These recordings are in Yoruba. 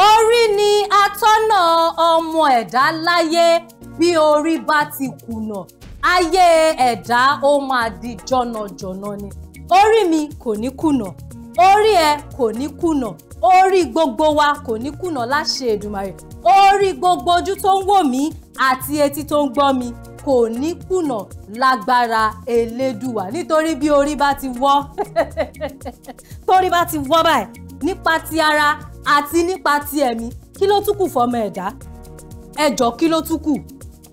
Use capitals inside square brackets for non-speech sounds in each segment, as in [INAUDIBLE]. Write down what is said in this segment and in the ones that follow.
orí ni atọ́nà ọmọ ẹ̀dá láyé bí orí bá ti kùnà ayé ẹ̀dá ó máa di jọ̀nàjọ̀nà ni orí mi kò ní kùnà orí ẹ kò ní kùnà orí gbogbo wa kò ní kùnà láṣẹ Èdùmàrè orí gbogbo ojú tó ń wò mí àti etí tó ń gbọ́ mi kò ní kùnà lágbára elédùwà nítorí bí orí bá ti wọ́ [LAUGHS] torí bá ti wọ́ báyìí nípa ti ara àti nípa ti ẹ̀mí kí ló tún kù fọmọ ẹ̀dá ẹjọ́ kí ló tún kù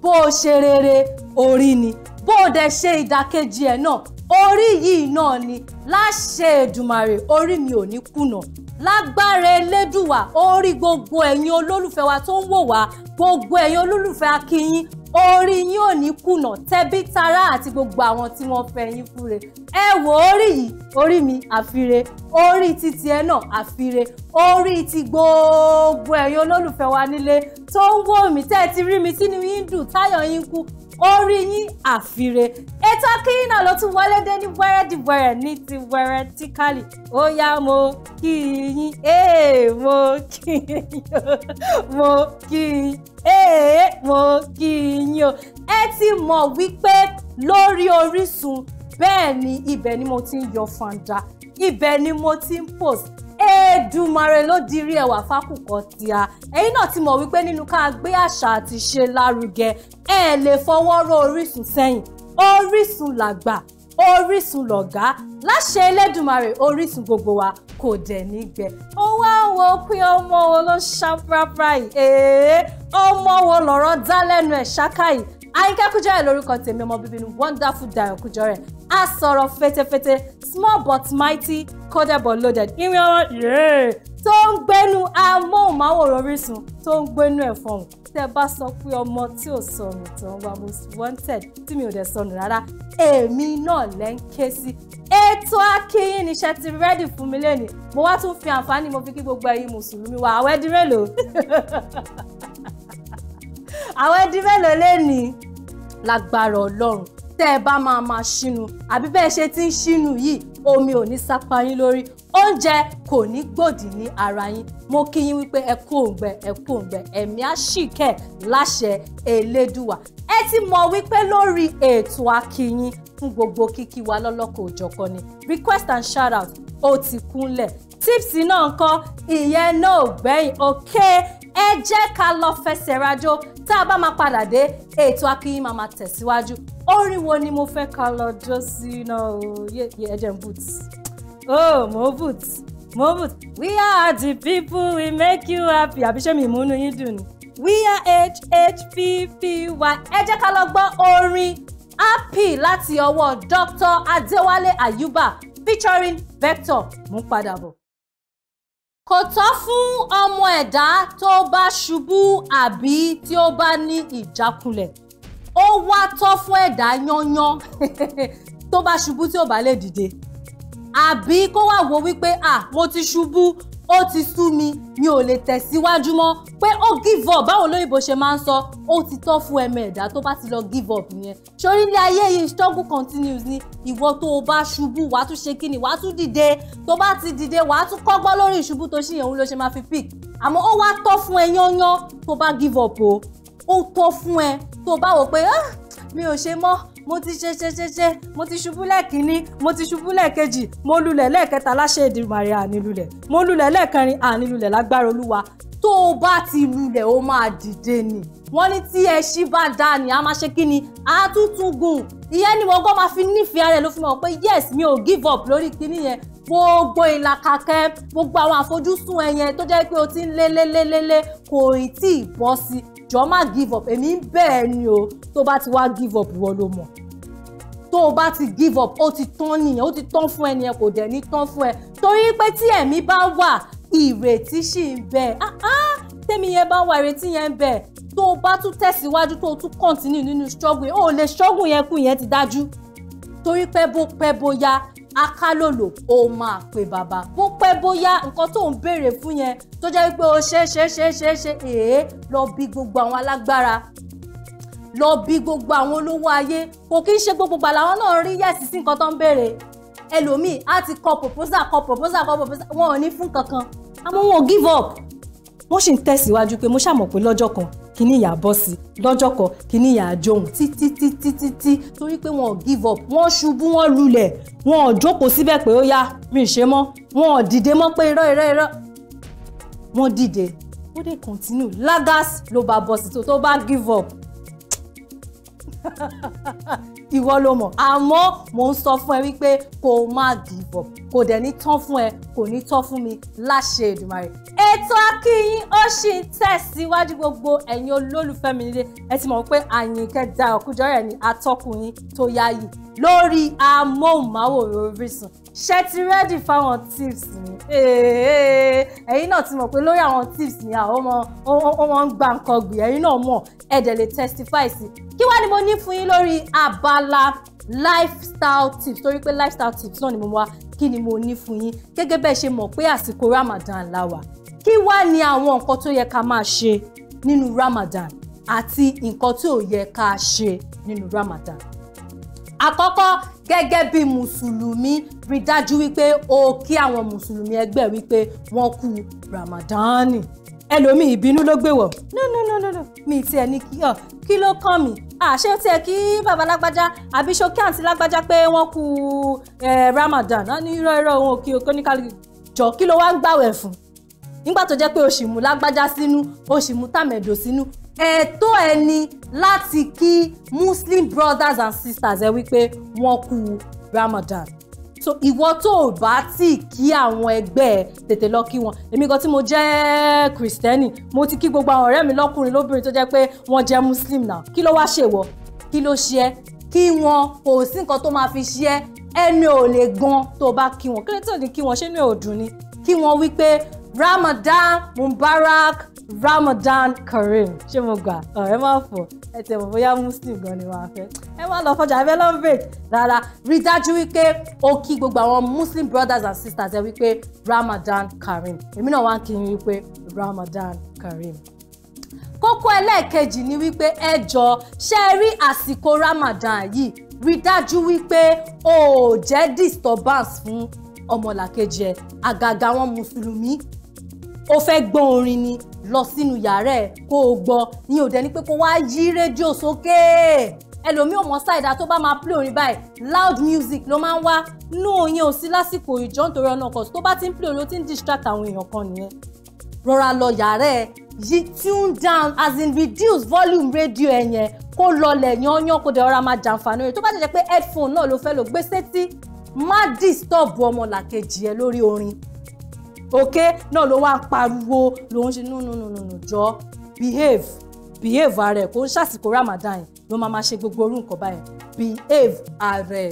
bó o ṣe rere orí ni bó o dẹ̀ ṣe ìdàkejì ẹ̀ náà orí yìí náà ni láṣẹ Èdùmàrè orí mi ò ní kùnà lágbára elédùwà orí gbogbo ẹ̀yin olólùfẹ́ wa tó ń wò wá gbogbo ẹ̀yin olólùfẹ́ akínyín orí yín ò ní kùnà tẹbí tará àti gbogbo àwọn tí wọ́n fẹ́ yín fúre ẹ wò orí yìí orí mi àfire orí títí ẹ náà àfire orí ti gbogbo ẹ̀yin olólùfẹ́ wa nílé tó ń wò mí tẹ́ ẹ ti rí mi sínú yín dùn táyọ̀ yín kú orí yín àfire ètò akínyìn náà ló tún wọlé dé ní wẹ́rẹ́dìwẹ́rẹ́ ní ti wẹ́rẹ́ tíkàlì ó yá mo kí yín ee mo kí yín mo kí yín ee mo kí yín o ẹ ti mọ̀ wípé lórí Orísun bẹ́ẹ̀ ni ibẹ̀ ni mo ti ń yọ fanda ibẹ̀ ni mo ti ń post Èdùmàrè ló dirí ẹwà fákùkọ tíá ẹ̀yin náà ti mọ̀ wípé nínú ká gbé àṣà àti ṣe lárugẹ ẹ lè fọwọ́ rọ́ Orísun sẹ́yìn Orísun làgbà Orísun lọ̀gá láṣẹ Elédùmarè Orísun gbogbo wa kò dẹ̀ nígbẹ ó wá wo pé ọmọ wo ló ń ṣàprápra yìí èé ọmọ wo lọ̀rọ̀ dá lẹ́nu ẹ̀ ṣáká yìí Àyìnkẹ́ Kújọrẹ̀ lórúkọ tèmi ọmọ bíbí ni wonderful Dayọ̀ Kújọrẹ̀ a sọ̀rọ̀ fetefete small but mighty coded but loaded ìrìn ọ̀rọ̀ yéé tó ń gbénu amóhùnmáwòrán Orísun tó ń gbénu ẹ̀ fọ̀hún tẹ́ bá sọ pé ọmọ tí ò sọnù tán wà most wanted tí mi ò dẹ̀ sọnù rárá èmi náà lẹ́ ń ké sí ètò akínyìn níṣẹ́ ti rẹ́dì fún mi lẹ́nu mo wá tún fi àǹfààní mo fi kí gbogbo ẹ̀yin mùsùlùmí wa àwẹ̀ dín mélòó [LAUGHS] àwẹ̀ dín mélòó lẹ́nìí lágbára ọlọ́run tẹ́ ẹ bá máa máa ṣinu àbí bẹ́ẹ̀ ṣe ti ń ṣinu yìí omi ò ní sápá yín lórí oúnjẹ kò ní gbòdì ní ara yín mo kí yín wípé ẹ kú òǹgbẹ ẹ kú òǹgbẹ ẹ̀mí àṣìkẹ́ láṣẹ elédùwà ẹ ti mọ̀ wípé lórí ètò akíyín fún gbogbo kíkí wa lọ́lọ́kọ̀ òjọ̀kan ni request and shout out ó ti kúnlẹ̀ tips náà ń kọ́ ìyẹn náà ò gbẹ̀yìn òkè ẹ jẹ́ ká lọ fẹsẹ̀ rajó tá a bá máa padà dé ètò akínyìn máa máa tẹ̀síwájú orin wo ni mo fẹ́ ká lọ jó sí iná o yẹ ẹjẹ boot oh mo boot mo boot we are the people we make you happy àbí ṣé mi ìmúnú yín dùn ni we are hhppy ẹ jẹ́ ká lọ gbọ́ orin happy láti ọwọ́ Dr. Adéwálé Ayuba featuring Vector mú padà bọ̀ kò tọ́ fún ọmọ ẹ̀dá tó bá ṣubú àbí tí ó bá ní ìjákulẹ̀ ó wá tọ́ fún ẹ̀dá yányán [LAUGHS] tó bá ṣubú tí ò bá lè dìde àbí kó wá wo wípé à mo ti ṣubú ó ti sú mi mi ò lè tẹ̀síwájú mọ́ pé ó give up báwo lóyìnbó ṣe máa ń sọ ó ti tọ́ fún ẹmẹ ẹ̀dá tó bá ti lọ give up yẹn sórí ilé ayé yìí struggle continues ni ìwọ tó o bá ṣubú wàá tún ṣe kíni wàá tún dìde tó bá ti dìde wàá tún kọ́gbọ́n lórí ìṣubú tó ṣì yẹn òun ló ṣe máa fi pick àmọ́ ó wá tọ́ fún ẹ yányán tó bá give up o ó tọ́ fún ẹ tó bá wò pé ah, mi ò ṣe mọ́ mo ti ṣe ṣe ṣe ṣe mo ti ṣubú lẹ́ẹ̀kínní mo ti ṣubú lẹ́ẹ̀kejì mo lulẹ̀ lẹ́ẹ̀kẹta láṣẹ Èdùmàrè ànilulẹ̀ mo lulẹ̀ lẹ́ẹ̀kẹrin ànilulẹ̀ lágbára olúwa tó o bá ti lulẹ̀ o máa dìde ni wọ́n ní tí ẹṣin bá dá ni a máa ṣe kí ni a gùn ìyẹn ni wọ́n gbọ́ máa fi nífẹ̀ẹ́ rẹ̀ ló fi mọ̀ pé yes mi ò give up lórí kíní yẹn gbogbo ìlàkàkẹ́ gbogbo àwọn àfojúsùn ẹ̀yẹn tó jẹ́ pé o ti ń lé lé lé lé lé kò ì tí ì bọ́ sí jọ má give up èmi ń bẹ́ẹ̀ ni o tó bá ti wá give up wọ́n ló mọ̀ tó o bá ti give up ó ti tán nìyẹn ó ti tán fún ẹ nìyẹn kò dẹ̀ ní tán fún ẹ torí pé tí ẹ̀mí bá wà ìrètí sì ń bẹ ah, ah, tẹ́mi yẹn bá wà ìrètí yẹn ń bẹ tó o bá tún tẹ̀síwájú tó o tún continue nínú struggle yẹn o lè struggle yẹn kù yẹn ti dájú torí pẹ́ bó pẹ́ bóyá akálòlò ó máa pè bàbá bó pẹ́ bóyá nǹkan tó ń béèrè fún yẹn tó jẹ́ wípé ó ṣe ṣe ṣe ṣe ṣe èé lọ bí gbogbo àwọn alágbára lọ bí gbogbo àwọn olówó ayé kò kí ń ṣe gbogbo gbà làwọn náà rí yẹ̀sì sí nǹkan tó ń béèrè ẹlòmíì á ti kọ proposal kọ proposal kọ proposal wọn ò ní fún kankan àmọ́ wọn ò give up wọ́n sì ń tẹ̀síwájú pé mo ṣàmọ̀ pé lọ́jọ́ kan kíní ìyá bọ́ sí lọ́jọ́ kan kíní ìyá àjòhùn títí títí títí torí pé wọn ò give up wọn ṣubú wọn lulẹ̀ wọn ò jókòó síbẹ̀ pé ó yá mi ṣe mọ́ wọn ò dìde mọ́ pé irọ́ irọ́ irọ́ wọn dìde ó dé continue lagas ló bá bọ́ sí tó tó bá give up. [LAUGHS] ìwọ ló mọ̀ àmọ́ mò ń sọ fún ẹ wípé kó o má dìbò kò dẹ̀ ní tán fún ẹ kò ní tán fún mi láṣẹ Èdùmàrè. ètò akínyìn ó sì ń tẹ̀síwájú gbogbo ẹ̀yin olólùfẹ́ mi nílé ẹ ti mọ̀ pé Àyìnkẹ́ Dayọ̀ Kújọ́rẹ̀ ni atọ́kùnrin tó yáyì lórí amóhùnmáwòrán Orísun ṣé ti rẹ́dì fáwọn tips ni ẹ̀yin náà ti mọ̀ pé lórí àwọn tips ni àwọn ọmọ ń gba nǹkan gbìn ẹ̀yin náà mọ̀ ẹ̀dẹ̀ lè testify sí kí wá ni mo ní fún yín lórí àbá abala lifestyle tips torí pé lifestyle tips náà ni mo wá kí ni mo ní fún yín gẹ́gẹ́ bẹ́ẹ̀ ṣe mọ̀ pé àsìkò Ramadan la wà kí wá ni àwọn nǹkan tó yẹ ká máa ṣe nínú Ramadan àti nǹkan tí ò yẹ ká ṣe nínú Ramadan àkọ́kọ́ gẹ́gẹ́ bí mùsùlùmí rí dájú wípé o kí àwọn mùsùlùmí ẹgbẹ́ wípé wọ́n kú Ramadani ẹlòmíì ìbínú ló gbé wọ̀ no no no no no mi ti ẹ̀ ní kí ọ kí ló kàn mí àṣé tiẹ̀ kí bàbá lágbájá àbí ṣókí àǹtí lágbájá pé wọ́n kú Ramadan náà ní irọ́ irọ́ òun òkè oníkálukú jọ kí ló wá ń gbàwẹ̀ fún nígbà tó jẹ́ pé o sì mú lágbájá sínú o sì mú tàmẹ̀dò sínú ẹ̀tọ́ ẹni láti kí Muslim brothers and sisters ẹ wípé wọ́n kú Ramadan so ìwọ tó o bá tí kí àwọn ẹgbẹ́ ẹ tètè lọ kí wọn èmi gan tí mo jẹ́ kristẹni mo ti kí gbogbo àwọn ọ̀rẹ́ mi lọ́kùnrin lóbìnrin tó jẹ́ pé wọ́n jẹ́ muslim náà kí ló wá ṣe wọ kí ló ṣe ẹ́ kí wọn kò sí nǹkan tó máa fi ṣe ẹ́ ẹnu ò lè gan tó o bá kí wọn kí ló tó ní kí wọn ṣé ní òdùn ni kí wọn wí pé Ramadan Mubarak Ramadan Kareem ṣé mo gbà ẹ má fò ẹ tẹ̀ mọ̀ bóyá muslim gan ni wàá fẹ́ ẹ má lọ fọjà abẹ́ lọ́nbẹ̀d rárá rí i dájú wípé o kí gbogbo àwọn muslim brothers and sisters ẹ wípé Ramadan Kareem èmi náà wá ń kí yín wípé Ramadan Kareem kókó ẹlẹ́ẹ̀kejì ni wípé ẹ jọ ṣe é rí àsìkò Ramadan yìí rí i dájú wípé o ò jẹ́ disturbance fún ọmọlàkejì ẹ àgàgà àwọn mùsùlùmí o fẹ́ gbọ́ orin ni lọ sínú yàrá ẹ̀ kó o gbọ́ ní òde ni pé kó wá yí rédíò sókè ẹlòmíì ò mọ ṣáìdá tó bá máa play orin báyìí loud music ló máa ń wá nú òyìn ò sí lásìkò ìjọ nítorí ọ̀nà ọkọ̀ tó bá ti ń play orin ó ti ń distract àwọn èèyàn kan nìyẹn rọra lọ yàrá ẹ yí tune down as in reduce volume radio ẹ yẹn kó lọlẹ̀ yányán kó dẹ̀ ọ̀rá máa jàǹfààní rẹ̀ tó bá jẹ́ pé headphone náà ló fẹ́ lò gbé sétí má disturb ọmọlàkejì ẹ lórí orin Okay, náà ló wá pariwo lòun ṣe nùnùnùnùnù jọ behave behave ààrẹ kò ń ṣàsìkò Ramadan yẹn ló máa ma ṣe gbogbo orú nǹkan báyẹn behave ààrẹ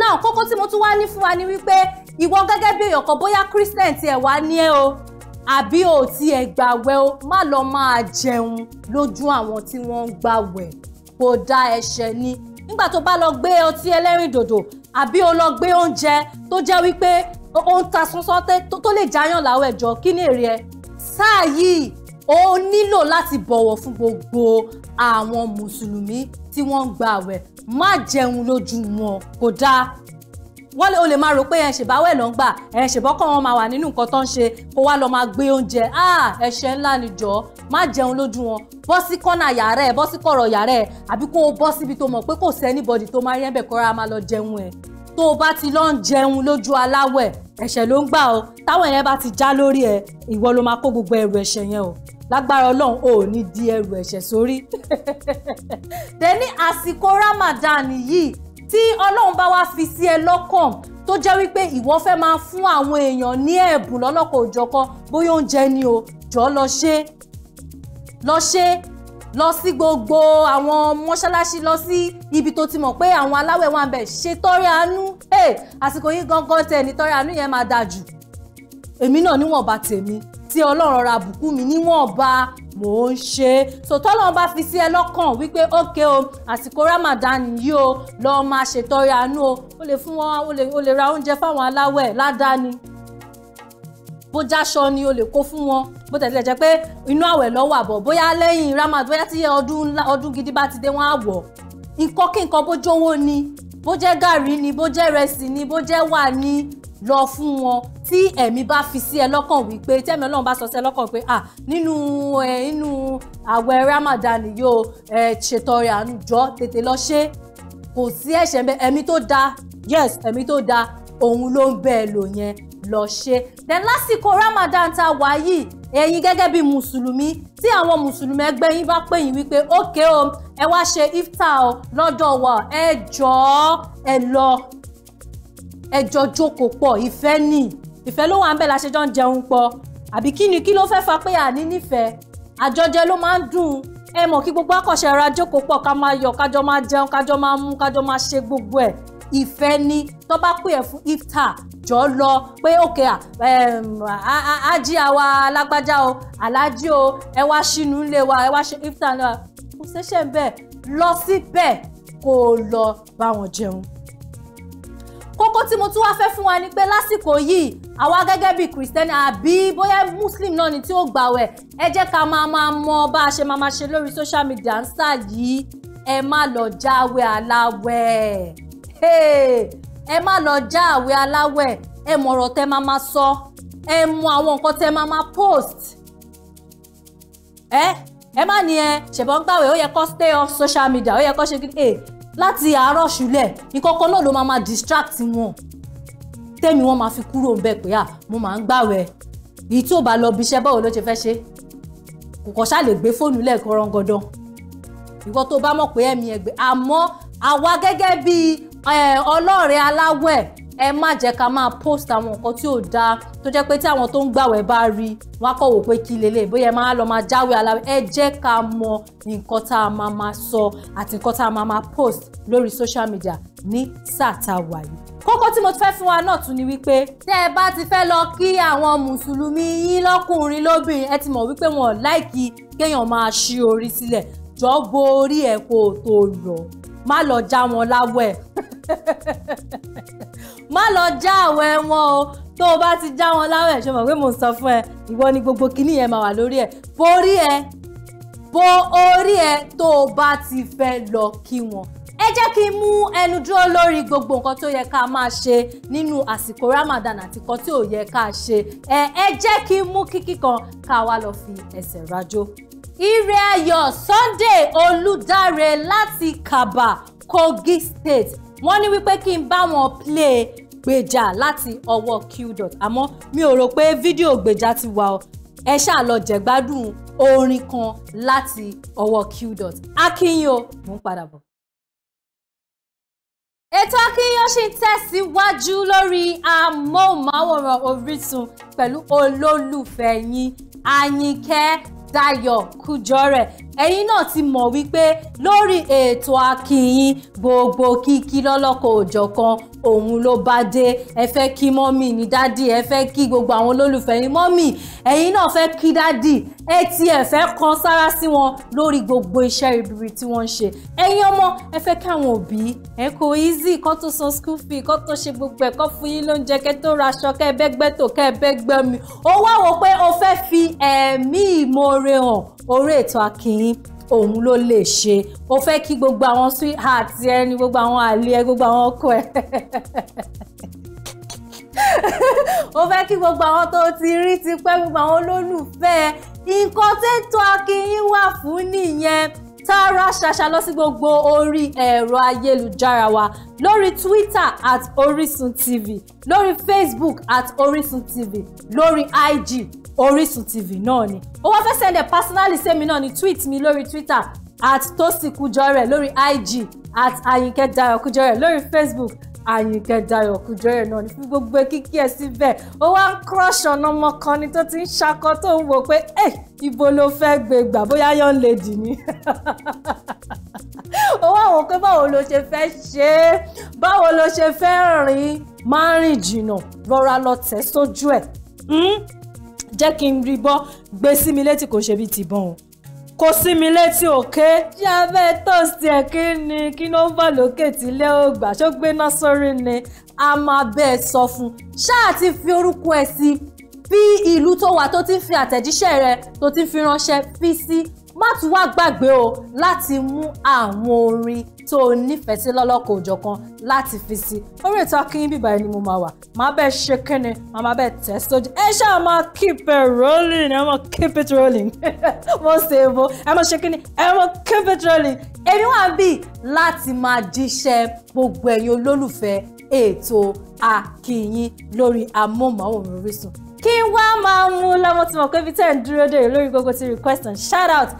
now kókó tí mo tún wá ní fún wa ni wípé ìwọ gẹ́gẹ́ bí èèyàn kan bóyá Christian tiẹ̀ wá ní ẹ o àbí ò tiẹ̀ gbàwẹ̀ o má lọ máa jẹun lójú àwọn tí wọ́n ń gbàwẹ̀ kò dá ẹ̀ṣẹ̀ ni nígbà tó bá lọ gbé ọtí ẹlẹ́rìndòdò àbí o lọ gbé oúnjẹ tó jẹ́ wípé ohun ta sọ́sọ́ tó lè jáyàn láwọ̀ ẹ̀jọ́ kí ni èrè ẹ sáà yìí ó nílò láti bọ̀wọ̀ fún gbogbo àwọn mùsùlùmí tí wọ́n ń gba àwẹ̀ má jẹun lójú wọn kò dáa wọ́n lè o lè máa rò pé ẹ̀ ṣèbáwẹ̀ ló ń gbà ẹ̀ ṣèbọ́kàn wọn máa wà nínú nǹkan tó ń ṣe kó wá lọ máa gbé oúnjẹ ẹ̀ṣẹ̀ ńlá ni jọ má jẹun lójú wọn bọ́ sí kọ́nà yàrá ẹ̀ bọ́ sí kọ̀rọ̀ yàrá ẹ̀ àbí kó o bọ́ síbi tó mọ̀ pé kò sẹ́nibọ̀dì tó máa rí ẹ̀ bẹ̀ kọ́ra máa lọ jẹun ẹ̀ tó o bá ti lọ ń jẹun lójú aláwẹ̀ ẹ̀ṣẹ̀ ló ń gbà o táwọn yẹn bá ti já lórí ẹ ìwọ ló máa kó gbogbo ẹrù ẹ̀ṣẹ̀ yẹn o lágbára ọlọ́run ò ní di ẹrù ẹ̀ṣẹ̀ sórí. dẹ́ni [LAUGHS] àsìkò Ramadan yìí tí ọlọ́run bá wá fi sí ẹ lọ́kàn tó jẹ́ wípé ìwọ fẹ́ máa fún àwọn èèyàn ní ẹ̀bùn lọ́lọ́kọ̀ bóyá oúnjẹ ni o jọ lọ ṣe lọ ṣe lọ sí gbogbo àwọn mọ́ṣáláṣí lọ sí ibi tó ti mọ̀ pé àwọn aláwẹ̀ wà ń bẹ̀ ṣe tọrẹ àánú àsìkò yìí gangan tẹ̀ ní tọrẹ àánú yẹn máa dáa jù èmi náà níwọ̀nba tèmi tí ọlọ́run ra bùkú mi níwọ̀nba mò ń ṣe so tọ́lọ́run bá fi sí ẹ lọ́kàn wípé ókè o àsìkò Ramadan yìí o lọ́ọ́ máa ṣètọrẹ àánú o ó lè fún wọn ó lè ra oúnjẹ fáwọn aláwẹ̀ ládàáni bó jáṣọ ni o lè kó fún wọn bó tẹ̀lé jẹ́ pé inú àwẹ̀ lọ́wọ́ àbọ̀ bóyá lẹ́yìn ramad bóyá tí ọdún ọdún gidi bá ti dé wọ́n á wọ̀ nǹkan kí nǹkan bó jówó ni bó jẹ́ gàrí ni bó jẹ́ rẹsì ni bó jẹ́ wà ni lọ fún wọn tí ẹ̀mí bá fi sí ẹ lọ́kàn wípé tí ẹ̀mí ọlọ́run bá sọ sí ẹ lọ́kàn pé ah nínú ẹ nínú àwẹ̀ ramadan yóò ẹ ṣètọrẹ àánú jọ tètè lọ ṣe kò sí ẹ̀ṣẹ̀ ẹ̀mí tó da yes ẹ̀mí tó da òun ló ń bẹ́ẹ̀ lò yẹn lọ ṣe then lásìkò Ramadan tá wà yìí ẹ̀yin gẹ́gẹ́ bí mùsùlùmí tí àwọn mùsùlùmí ẹgbẹ́ yín bá pè yín wípé ókè o ẹ wá ṣe iftar o lọ́dọ̀ wa ẹ jọ̀ọ́ ẹ lọ ẹ jọ jókòó pọ̀ ìfẹ́ nì ìfẹ́ ló wà ń bẹ̀ la ṣe jọ ń jẹun pọ̀ àbí kí ni kí ló fẹ́ fa pé àní nífẹ̀ẹ́ àjọjẹ ló máa ń dùn ẹ mọ̀ kí gbogbo akọ̀ṣẹ́ ara jókòó pọ̀ ká máa yọ̀ kájọ máa jẹun kájọ máa mú kájọ máa ṣe gbogbo ẹ̀ ìfẹ́ ni tó bá pè ẹ́ fún iftar jọ lọ pé òkè àjí àwa alágbájá o alájí o ẹ wá sínú ilé wa ẹ wá ṣe iftar náà kò ṣeéṣe bẹ́ẹ̀ lọ síbẹ̀ kó o lọ bá wọn jẹun kókó tí mo tún wá fẹ́ fún wa ni pé lásìkò yìí àwa gẹ́gẹ́ bíi kìrìsìtẹ́nì àbí bóyá muslim náà ni tí ó gbàwẹ̀ ẹ jẹ́ ká máa máa mọ bá a ṣe máa máa ṣe lórí social media ń sà yìí ẹ má lọ jáwé aláwẹ̀ ẹ má lọ já àwẹ̀ aláwẹ̀ ẹ mọ̀rọ̀ tẹ́ máa máa sọ ẹ mọ àwọn nǹkan tẹ́ máa máa post ẹ ẹ má ní ẹ ṣẹ̀bọ̀n gbàwẹ̀ ó yẹ kó stay off social media ó yẹ kó ṣe kí ẹ láti àárọ̀ ṣúlẹ̀ ìkọ̀kọ̀ náà ló máa máa distract wọn tẹ́mi wọn máa fi kúrò ń bẹ̀ pé à ah, mo máa ń gbàwẹ̀ èyí tí ò bá lọ bí iṣẹ́ báwo ló ṣe fẹ́ ṣe kò kọ́ ṣáà lè gbé fóònù lẹ́ẹ̀kan rangandan ìwọ tó bá mọ̀ pé ẹ̀mí ẹgbẹ́ àmọ́ àwa gẹ́gẹ́ bíi ọlọ́ọ̀rẹ́ aláwẹ̀ ẹ má jẹ́ ká máa post àwọn nǹkan tí ò dáa tó jẹ́ pé tí àwọn tó ń gbàwẹ̀ bá rí wọn á kọ̀ wò pé kí lélẹ̀ bóyá ẹ máa lọ máa jáwé aláwẹ̀ ẹ jẹ́ ká mọ nǹkan tá a máa máa sọ àti nǹkan tá a máa máa post lórí social media ní sáà tá kókó tí mo fẹ́ fún wa náà tún ni wípé tẹ́ ẹ bá ti fẹ́ lọ kí àwọn mùsùlùmí yín lọ́kùnrin lóbìnrin ẹ ti mọ̀ wípé wọn ò láìkí kéèyàn máa ṣí orí sílẹ̀ jọ́ bo ẹ̀ kó o tó lọ má lọ já wọn láwẹ̀ [LAUGHS] má lọ já àwẹ̀ wọn o tó o bá ti já wọn láwẹ̀ ṣe mọ̀ pé mò ń sọ fún ẹ ìwọ ni gbogbo kinní yẹn máa wà lórí ẹ borí ẹ bo orí ẹ tó o bá ti fẹ́ lọ kí wọn ẹ jẹ́ kí n mú ẹnu dúró lórí gbogbo nǹkan tó yẹ ká máa ṣe nínú àsìkò Ramadan àti nǹkan tí ò yẹ ká ṣe ẹ ẹ jẹ́ kí n mú kíkí kan ká wá lọ fi ẹsẹ̀ rájó ire ayọ̀ Sunday Olùdáre láti Kaba Kogi State wọ́n ní wípé kí n bá wọn play gbèjà láti ọwọ́ qdot àmọ́ mi ò rò pé fídíò gbèjà ti wà ọ́ ẹ ṣáà lọ jẹ̀gbádùn orin kan láti ọwọ́ qdot akínyìn o mò ń padà bọ̀. ètò akínyìn ṣì ń tẹ̀síwájú lórí amóhùnmáwòrán Orísun pẹ̀lú olólùfẹ́ yín Àyìnkẹ́ Dayọ̀ Kujore ẹ̀yin náà ti mọ̀ wípé lórí ètò akínyìn gbogbo kíkí lọ́lọ́kọ̀ òjọ̀kan òun ló bá dé ẹ fẹ́ kí mọ́mì ní dádì ẹ fẹ́ kí gbogbo àwọn olólùfẹ́ ní mọ́mì ẹ̀yin náà fẹ́ kí dádì ẹ ti ẹ̀ fẹ́ kan sára sí wọn lórí gbogbo iṣẹ́ ribiri tí wọ́n ń ṣe ẹ̀yin ọmọ ẹ fẹ́ kí àwọn òbí ẹ kò easy kó tó san school fee kó tó ṣe gbogbo ẹ̀ fún yín lóúnjẹ kẹ́ tó raṣọ kẹ́ bẹ́gbẹ́ tó kẹ́ bẹ́gbẹ́ mi ó wá wò pé o fẹ́ fi ẹ̀mí ìmoore hàn orí ètò AkiiYin òun ló lè ṣe ó fẹ́ kí gbogbo àwọn sweetheart ẹni gbogbo àwọn àlè ẹ gbogbo àwọn ọkọ ẹ ó [LAUGHS] fẹ́ kí gbogbo àwọn tó ti rí ti pẹ́ gbogbo àwọn olólùfẹ́ nǹkan tètò AkiiYin wà fún nìyẹn tààrà ṣàṣà lọ sí gbogbo orí ẹ̀rọ ayélujára wa lórí Twitter at Orisun TV lórí Facebook at Orisun TV lórí IG Orisun TV náà ni ó wá fẹ́ sẹ́ndẹ̀ personally sẹ́mi náà ni tweet mi lórí Twitter at Tosi Kujore lórí IG at Ayinke Dayo Kujore lórí Facebook àyìnkẹ́ dayọ̀ kùjọ́rẹ̀ náà ní fún gbogbo kíkí ẹ̀ síbẹ̀ ó wá ń crush ọ̀nà ọmọkànnì tó ti ń ṣakọ tó ń wò pé ẹ̀ eh, ibo ló fẹ́ gbé gbà bóyá young lady ni [LAUGHS] ó wá wò pé báwo ló ṣe fẹ́ ṣe é báwo ló ṣe fẹ́ rìn máa rìn jìnnà rọra lọ tẹ̀ sójú ẹ̀ hmm? jẹ́ kí n rí bọ́ gbé sí mi létí kò ṣe bí ti bọ́n o kò sí mi létí òkè. ṣé abẹ́ tọ́sí ẹ̀ kí ni kí ló ń bọ̀ lókè tí ògbà ṣó gbé sórí ni a máa bẹ́ẹ̀ sọ fún ṣáà ti fi orúkọ ẹ̀ sí fi ìlú tó wà tó ti fi àtẹ̀jíṣẹ́ rẹ tó ti fi ránṣẹ́ fi sí má tún wá gbàgbé o láti mú àwọn orin tó o nífẹ̀ẹ́ sí lọ́lọ́kọ̀ òjọ̀kan láti fi sí i orí ètò akínyìn bíbá ẹni mo máa wà máa bẹ́ẹ̀ ṣe kíni máa máa bẹ́ẹ̀ tẹ̀ sójú ẹ ṣáà máa keep it rolling ẹ máa keep it rolling [LAUGHS] mo ṣe é bo ẹ máa ṣe kíni ẹ máa keep it rolling èmi wà bí láti máa jíṣẹ́ gbogbo ẹ̀yin olólùfẹ́ ètò akínyìn lórí amóhùnmáwòrán Orísun kí n wá máa mú lọ́mọ tí mo pé bí tẹ̀ ń dúró dé lórí gbogbo ti request and shout out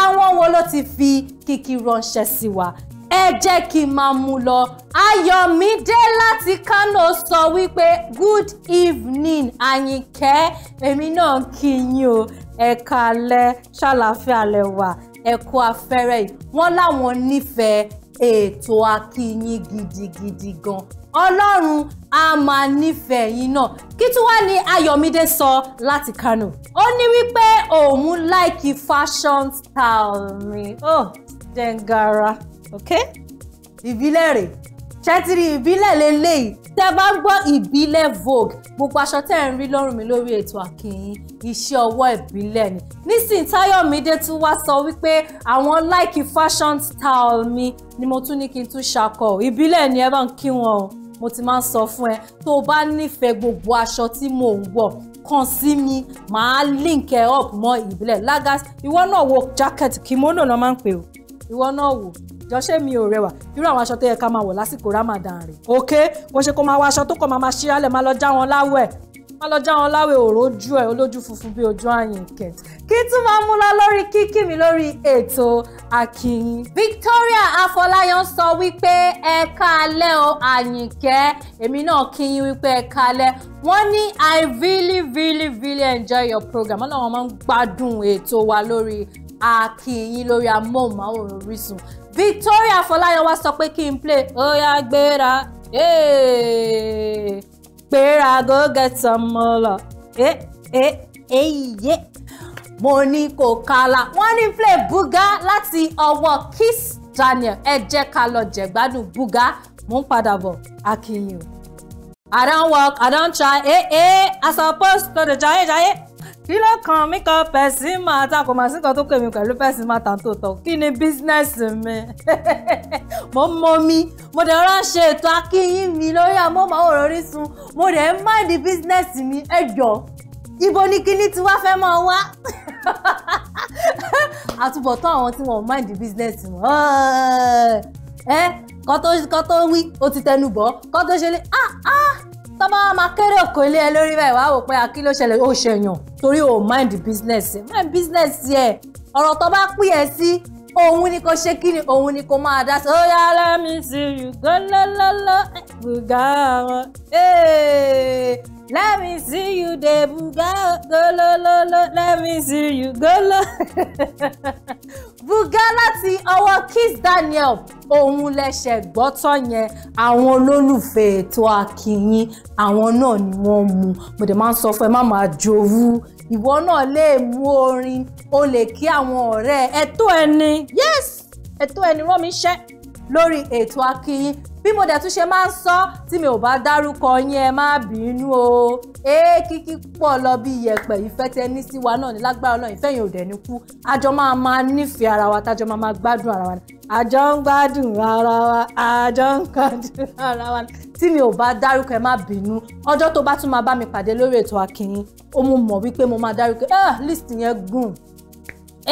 àwọn wo ló ti fi kíkí ránṣẹ́ sí wa ẹ jẹ́ kí n máa mú lọ. Ayọ̀mídé láti Kano sọ wípé good evening Àyìnkẹ́ èmi náà kí yín o ẹ kálẹ́ ṣàlàfíà lẹ wà ẹ kú afẹ́rẹ́ yìí wọ́n láwọn nífẹ̀ẹ́ ètò akínyìn gidigidi gan Ọlọ́run a máa nífẹ̀ẹ́ yín náà kí tí wàá ní Ayọ̀mídé sọ láti Kano ó ní wípé òun láìkí fashion style mi oh dengara okay ìbílẹ̀ rẹ̀ ṣẹ́tìrì ìbílẹ̀ lélẹ́yìí tẹ́ bá gbọ́ ìbílẹ̀ vogue gbogbo aṣọ tẹ́ ń rí lọ́rùn mi lórí ètò àkìyìn iṣẹ́ ọwọ́ ìbílẹ̀ ni nísìn táyọ̀mídé tún wá sọ wípé àwọn láìkì fashion style mi ni mo tún ní kí n tún ṣakọ ìbílẹ̀ ni ẹ bá ń kí wọn o mo ti máa ń sọ fún ẹ tó o bá nífẹ̀ẹ́ gbogbo aṣọ tí mo ń wọ̀ kàn sí mi màá link ẹ up mọ́ ìbílẹ̀ lágas ìwọ náà wo jacket kimono náà máa ń pè o ìwọ náà wò jọ́ṣẹ́ mi ò rẹwà irú àwọn aṣọ tó yẹ ká máa wọ̀ lásìkò Ramadan rè ok kò ṣe kó máa wọ aṣọ tó kọ̀ máa máa ṣí alẹ̀ máa lọ já wọn láwẹ̀ máa lọ já wọn láwẹ̀ òrójú ẹ̀ olójú funfun bíi ojú Àyìnkẹ́ kí tún máa mú lọ lórí kíkì mi lórí ètò AkiiYin. Victoria Afọláyan sọ wípé ẹ káalẹ́ o Àyìnkẹ́ èmi náà kí yín wípé ẹ káalẹ́ wọ́n ní I really really really enjoy your program wọ́n náà wọ́n máa ń gbádùn ètò wa lórí AkiiYin lórí amóhùnmáwòrán Orísun Victoria Fọláyọwá sọ pé kí n play oya gbéra hey. gbéra go get some more lọ eh, eh, eh, yeah. mo ní kò kala wọ́n ní play buga láti ọwọ́ Kiss Daniel ẹ jẹ́ ká lọ jẹ̀gbádùn buga mo ń padà bọ̀ akínyìn. I don work, I don try, eh, eh, I suppose to dey jaye jaye kí ló kàn mí kan pẹ̀sìn máa ta kò máa sí kan tó pè mí pẹ̀lú pẹ̀sìn máa tàn tó tọ̀ kí ni bísínẹ́sì mi [LAUGHS] mo mọ mi mo dẹ̀ rán ṣe ètò akínyìn mi lórí amóhùnmáwòrán Orísun mo dẹ̀ ń máìdì bísínẹ́sì mi ẹ̀jọ̀ ibo ni kíní tí wàá fẹ́ máa wá [LAUGHS] àtúbọ̀tán àwọn tí wọ́n máìdì bísínẹ́sì wọn ẹ kọ́ tó wí ó ti tẹnu bọ̀ kọ́ tó ṣe lé ah ah tó bá máa kéré òkò ilé ẹ lórí báyìí wàá wò pé akí ló ṣẹlẹ̀ ó ṣẹyàn torí ò mind business mind business yẹ ọ̀rọ̀ tó bá pín ẹ sí òun ni kò ṣe kí ni òun ni kò máa dá sí ó yá lẹ́mí sí yùgọ́ lọ́lọ́lọ́ gbùgá wọn lẹ́mí sí yù dé bùgá lọ́lọ́lọ́ lẹ́mí sí yùgọ́ lọ́lọ́ buga láti ọwọ́ Kiss Daniel òun lẹ́sẹ̀ gbọ́tọ̀ yẹn àwọn olólùfẹ́ ètò àkìyìn àwọn náà ni wọ́n mu mo dẹ̀ máa ń sọ fún ẹ má máa jowú ìwọ náà lè mú orin o lè kí àwọn ọ̀rẹ́ ẹ̀ ẹni yes ẹ̀tọ́ ẹni rán mi ṣẹ́ lórí ètò akínyìn bí mo dẹ̀ tún ṣe máa ń sọ tí mi ò bá dárúkọ yín ẹ má bínú o èkìkí pọ̀ lọ bí iyẹ̀pẹ̀ ìfẹ́ tẹ ní sí wa náà ní lágbára náà ìfẹ́ yẹn ò dẹ̀ ní kú àjọ máa máa nífẹ̀ẹ́ ara wa tájọ máa máa gbádùn ara wa ni àjọ ń gbádùn ara wa àjọ ń gbádùn [LAUGHS] ara wa tí mi ò bá dárúkọ ẹ má bínú ọjọ́ tó bá tún máa bá mi pàdé lórí ètò akínyìn ó mú mọ̀ wípé mo máa dárúkọ ẹ́ ah, list yẹn gùn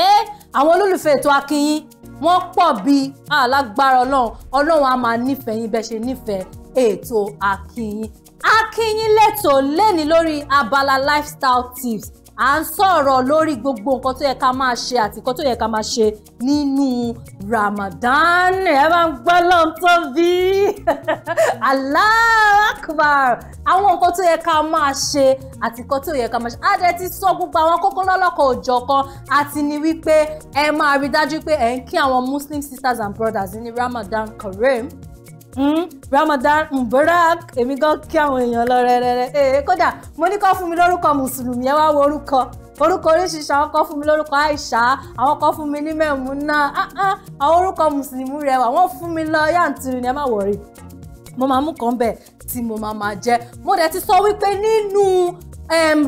ẹ́ àwọn olólùfẹ́ ètò akínyìn wọ́n pọ̀ bí alágbára ọlọ́run ọlọ́run á máa nífẹ̀ẹ́ yín bẹ́ẹ̀ ṣe nífẹ̀ẹ́ ètò Akíìyín Akíìyín lẹ́tọ̀ọ́ lẹ́ni lórí abala lifestyle tips à ń sọ̀rọ̀ lórí gbogbo nǹkan tó yẹ ká máa ṣe àti nǹkan tó yẹ ká máa ṣe nínú Ramadan ẹ máa ń gbọ́ lọ́n tó bí [LAUGHS] Allahu Akbar àwọn nǹkan tó yẹ ká máa ṣe àti nǹkan tó yẹ ká máa ṣe á ti sọ gbogbo àwọn kókó lọ́lọ́kọ̀ òjọ̀ kan àti ni wípé ẹ máa rí dájú pé ẹ ń kí àwọn Muslim sisters and brothers ní Ramadan Kareem. Hmm? Ramadan Mubarak èmi gan kí àwọn èèyàn lọ rẹrẹrẹ ee eh, eh, kódà mo ní kọ́ fún mi lórúkọ mùsùlùmí ẹ wá wo orúkọ orúkọ oríṣiríṣi àwọn kan fún mi lórúkọ Aisha àwọn kan fún mi ní Mẹ̀múnà ah, ah, àwọn orúkọ mùsùlùmí rẹwà wọ́n fún mi lọ yàǹtìrì ni ẹ má wọrí mo máa mú kan bẹ̀ tí mo máa máa jẹ mo dẹ̀ ti sọ wípé nínú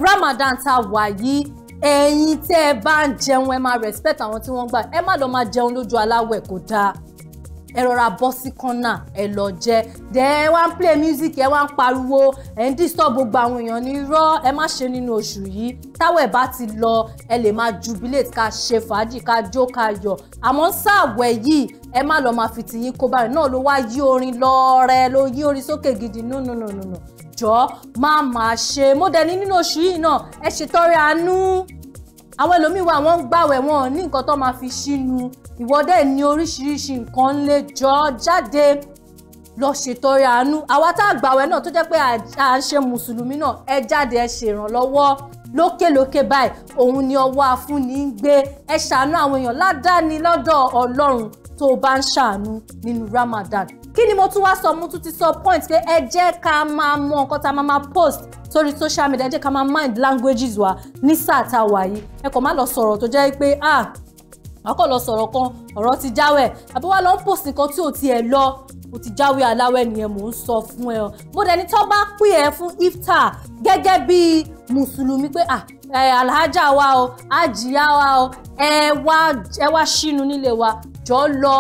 Ramadan tá wà yìí ẹ̀yin tẹ́ ẹ bá ń jẹun ẹ máa respect àwọn tí wọ́n gbà ẹ má lọ máa jẹun lójú aláwẹ̀ kò dáa ẹ rọra bọ́ sí kọ́nà ẹ lọ jẹ then wá ń play music ẹ wá ń pariwo ẹ ń disturb gbogbo àwọn èèyàn ní irọ́ ẹ má ṣe nínú oṣù yìí táwọn ẹ̀ bá ti lọ ẹ lè máa jubilate ká ṣe fàájì ká jó ká yọ̀ àmọ́ sáàwẹ̀ yìí ẹ má lọ máa fi tìyín kó bá rẹ̀ náà ló wá yí orin lọ́ọ́rẹ́ ló yí orin sókè gidi no no no no no jọ máa máa ṣe mo dẹ̀ ní nínú oṣù yìí náà ẹ ṣètọrẹ àánú àwọn ẹlòmíín wa wọ́n ń gbàwẹ̀ wọn ní nǹkan tó máa fi sínú ìwọ dẹ̀ ní oríṣiríṣi nǹkan ń lè jọ jáde lọ ṣètọrẹ àánú àwa tá a gbàwẹ̀ náà tó jẹ́ pé à ń ṣe mùsùlùmí náà ẹ jáde ẹ ṣèrànlọ́wọ́ lókèlókè báyìí òun ni ọwọ́ afúnni ń gbé ẹ ṣàánú àwọn èèyàn ládàáni lọ́dọ̀ Ọlọ́run tó bá ń ṣàánú nínú Ramadan kí ni mo tún wá sọ mo tún ti sọ point pé ẹ jẹ́ ká máa mọ nǹkan tá a máa máa post sórí social media ẹ jẹ́ ká máa mind languages wa ní sáà tá a wà yìí ẹ kàn má lọ sọ̀rọ̀ tó jẹ́ pé ah akọ lọ sọ̀rọ̀ kan ọ̀rọ̀ ti jáwẹ̀ àbí wàá lọ ń pòsì kan tí ò tiẹ̀ lọ o ti jáwé aláwẹ̀ nìyẹn mò ń sọ fún ẹ o mo dẹ̀ ní tó bá pè ẹ́ fún iftar gẹ́gẹ́ bí mùsùlùmí pé alhaja wa o ajiya wa o ẹ wá ẹ wá sínú nílé wa jọ lọ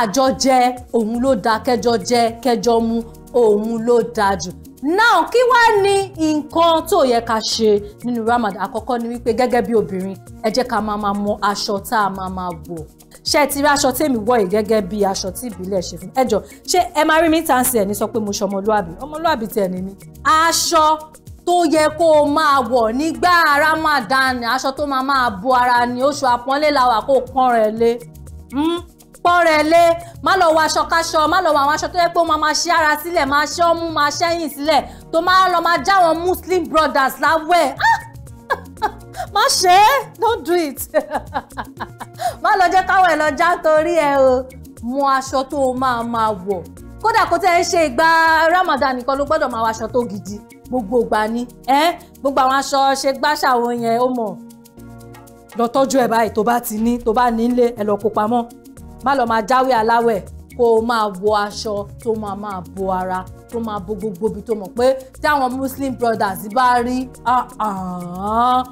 àjọjẹ òun ló da kẹjọ jẹ kẹjọ mu òun ló da jù now kí wá ní nǹkan tó yẹ ká ṣe nínú Ramadan àkọ́kọ́ ni wípé gẹ́gẹ́ bí obìnrin ẹ jẹ́ ká máa máa mọ aṣọ tá a máa máa wọ̀ ṣé ẹ ti rí aṣọ tèmi wọ̀ yìí gẹ́gẹ́ bí aṣọ tí ìbílẹ̀ ṣe fún ẹjọ́ ṣé ẹ máa rí mi tàn sí ẹ̀ ní sọ pé mo ṣe ọmọlúàbí ọmọlúàbí tẹ̀ ní mi aṣọ tó yẹ kó o máa wọ̀ nígbà Ramadan aṣọ tó máa máa bo ara ni oṣù àpọ́nlé làwà kó o rẹ̀ lé hmm? pọ́nrẹ́ lé má lọ wọ aṣọ káṣọ má lọ wọ àwọn aṣọ tó yẹ pé wọ́n máa ṣe ara sílẹ̀ máa ṣe ọmú máa ṣẹ́yìn sílẹ̀ tó máa lọ máa já àwọn muslim brothers láwẹ̀ [LAUGHS] má ṣe é don't do it [LAUGHS] má lọ jẹ́ káwọn ẹ̀ lọ já torí ẹ o mú aṣọ tó máa máa wọ̀ kódà kó tẹ́ ẹ ṣe ìgbà Ramadan nìkan ló gbọ́dọ̀ máa wọ aṣọ tó gidi gbogbo ìgbà ni gbogbo àwọn aṣọ ṣe gbáṣà wọn yẹn ó mọ̀ lọ tọ́jú ẹ̀ báyìí tó bá ti ní tó bá nílé ẹ̀ lọ kó pamọ́ má lọ máa jáwé aláwẹ̀ kó o máa wọ aṣọ tó máa máa bo ara tó máa bo gbogbo ibi tó mọ̀ pé tí àwọn muslim brothers bá rí o ah, ah, ah,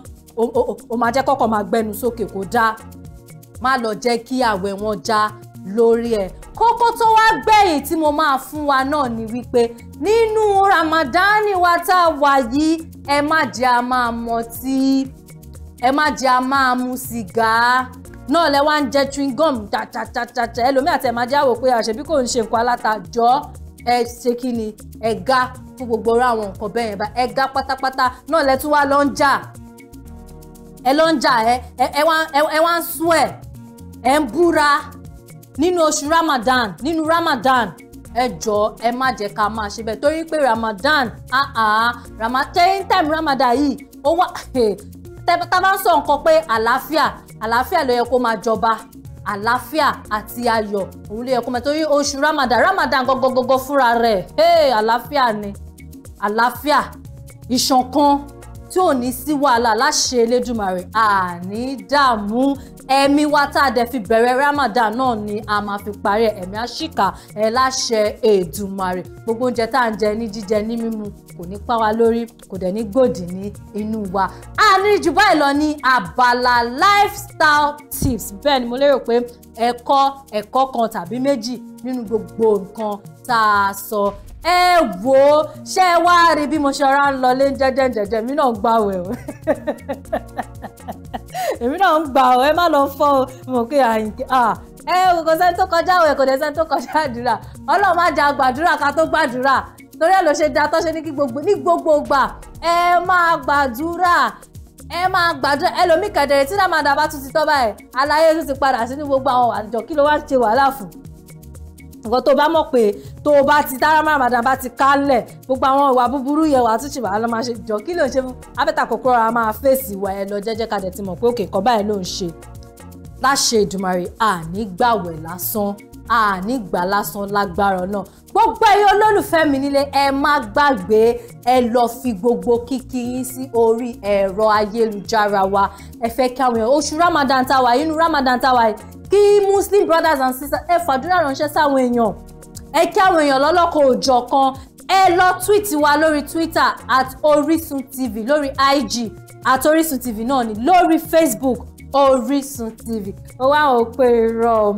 máa jẹ́ kọ́kọ́ máa gbẹnu sókè kó dá má lọ jẹ́ kí àwẹ̀ wọn já lórí ẹ̀ kókó tó wá gbẹ̀yìn tí mo máa fún wa náà ni wípé nínú ramadani wa tá a wà yìí ẹ má jẹ́ a máa mọtí ẹ má jẹ́ a máa mu sìgá náà lẹ wá ń jẹ chewing gum tàtàtàtà ẹlòmíì àti ẹ̀ma jáwò pé àṣebí kò ń ṣe nǹkan aláta jọ ẹ ṣe kí ni ẹ̀ga fún gbogbo ọ̀rọ̀ àwọn nǹkan bẹ́ẹ̀ yẹn bá ẹ̀ga pátápátá náà lẹ tún wá lọ ń jà ẹ lọ ń jà ẹ ẹ wá ń sún ẹ ẹ ń búra nínú oṣù Ramadan nínú Ramadan ẹ jọ̀ọ́ ẹ má jẹ́ ká máa ṣe bẹ́ẹ̀ torí pé Ramadan ah ah Ramadan ten time Ramadan yìí ó wà tá a bá ń sọ nǹkan pé àlàáfíà àlàáfíà ló yẹ kó máa jọba àlàáfíà àti ayọ̀ òun ló yẹ kó máa torí oṣù ramadan ramadan gọgọgọgọ fúnra rẹ̀ àlàáfíà ni àlàáfíà ìṣọ̀kan tí ò ní sí wàhálà láṣẹ Elédùmarè àní dààmú ẹ̀mí wa tá a dẹ̀ fi bẹ̀rẹ̀ Ramadan náà ni a máa fi parí ẹ̀ ẹ̀mí àṣìkà ẹ̀ láṣẹ Èdùmarè gbogbo oúnjẹ tá à ń jẹ ní jíjẹ ní mímu kò ní pa wá lórí kò dẹ̀ ní gòdì ní inú wa àní jù báyìí lọ ní abala lifestyle tips bẹ́ẹ̀ ni mo lérò pé ẹ̀kọ́ ẹ̀kọ́ kan tàbí méjì nínú gbogbo nǹkan tá a sọ ẹ wo, ó ṣé ẹ wá rí bí mo ṣe ra ń lọ lé jẹjẹjẹjẹ mi náà gbà wẹ̀ o èmi náà ń gbà ọ [LAUGHS] ẹ má lọ fọ ọ mo pé àyìnkè ah ẹ kò sẹ́ni tó kọjá òwe kò dẹ̀ sẹ́ni tó kọjá àdúrà ọlọ́run má jà gbàdúrà ká tó gbàdúrà torí ẹ̀ ló ṣe da tọ́ṣe ní gbogbo ní gbogbo gbà ẹ máa gbàdúrà ẹ máa gbàdúrà ẹlòmíì kẹ̀dẹ̀rẹ̀ tí ràmàdà bá tún ti tọ́ báyìí aláyé tún ti padà sínú gbogbo àwọn àjọ kí ló wá ń ṣe wàhálà fún nǹkan tó bá mọ̀ pé tó o bá ti dáramá ramadan bá ti kálẹ̀ gbogbo àwọn ìwà búburú yẹn wà á tún ṣèwà lọ́ máa ṣe jọ kí ló ń ṣe fún abẹ́ta kòkòrò a máa fèsì ìwà ẹ lọ jẹ́jẹ́ ká ti mọ̀ pé òkè kọ́ báyìí ló ń ṣe láṣẹ Èdùmàrè àní gbàwẹ̀ lásán àní gbà lásán lágbára náà gbogbo ẹyọ olólùfẹ́ mi nílé ẹ má gbàgbé ẹ lọ fi gbogbo kíkí yín sí orí ẹ̀rọ ayélujára wa ẹ fẹ́ kí àwọn èèyàn oṣù Ramadan tá a inú Ramadan tá kí Muslim brothers and sisters ẹ fàdúrà ránṣẹ́ sáwọn èèyàn ẹ kí àwọn èèyàn lọ́lọ́kọ̀ òjọ̀ kan ẹ lọ tweet wa lórí Twitter at Orisun TV lórí IG at Orisun TV náà ni lórí Facebook Orisun TV ó wá àwọn pé irọ́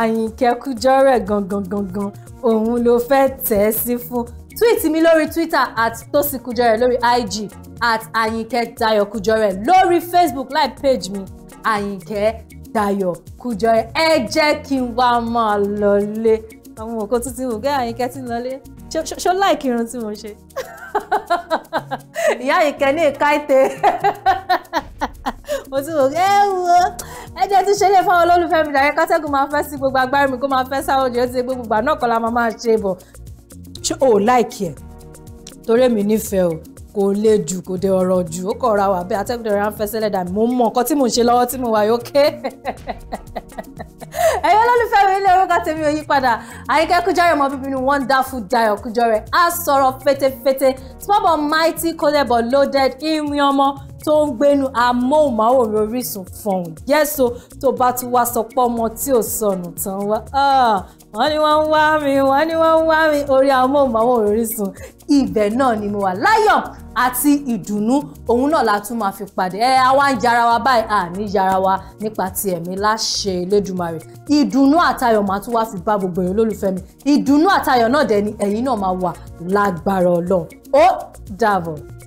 Àyìnkẹ́ Kújọ́rẹ̀ gangan gangan òun ló fẹ́ tẹ̀ ẹ́ sí fún tweet mi lórí twitter at tosikujore lórí ig at ayinke dayo kujore lórí facebook live page mi ayinke dayo kujore ẹ jẹ́ kí n wá máa lọlé àwọn òkú tuntun wò gẹ́ àyíká tí lọlé ṣó láìkí irun tí mo ṣe [LAUGHS] ìyá àyíká ní ìka ìtẹ́. [LAUGHS] [LAUGHS] mo tún wò ẹ wo ẹ jẹ́ ti ṣẹlẹ̀ fáwọn olólùfẹ́ mi dàrẹ́ kátẹ́gùn máa fẹ́ sí gbogbo agbára mi kó máa fẹ́ sáwọn jù ó ti gbogbo àná kan la máa máa ṣe bọ̀ ṣé o láìkì ẹ̀ torí èmi nífẹ̀ẹ́ o kò le jù kò dé ọ̀rọ̀ jù ó kọ̀ ra wà bí atẹ́gùn dẹ̀rẹ̀ ń fẹ́ sẹ́lẹ̀ dà mo mọ̀ nǹkan tí mò ń ṣe lọ́wọ́ tí mo wà yóò ké [LAUGHS] ẹ̀yin olólùfẹ́ mi ilé orúkọ tèmi ò yí padà àyíkẹ́ kújọ́rẹ́ ọmọ bíbí ni wonderful dayo kújọ́rẹ́ á sọ̀rọ̀ fetefete small but mighty cold but loaded ìmú ọmọ tó ń gbénu amóhùnmáwòrán Orísun fọ̀hún yẹ́sọ tó bá tún wá sọ pé ọmọ tí ò sọnù tán wá ah, wọ́n ní wọ́n ń wá mi wọ́n ní wọ́n ń wá mi orí amóhùnmáwòrán Orísun ibẹ̀ náà ni mo wà láyọ̀ àti ìdùnnú òun náà la tún máa fi pàdé ẹ àwa ń yára wa báyìí àní yára wa nípa ti ẹ̀mí láṣẹ Elédùmarè ìdùnnú àtayọ̀ máa tún wá fi bá gbogbo èèyàn olólùfẹ́ mi ìdùnnú àtayọ̀ náà dẹ̀ ni ẹ̀yin náà máa wà lágbára Ọlọ́run ó oh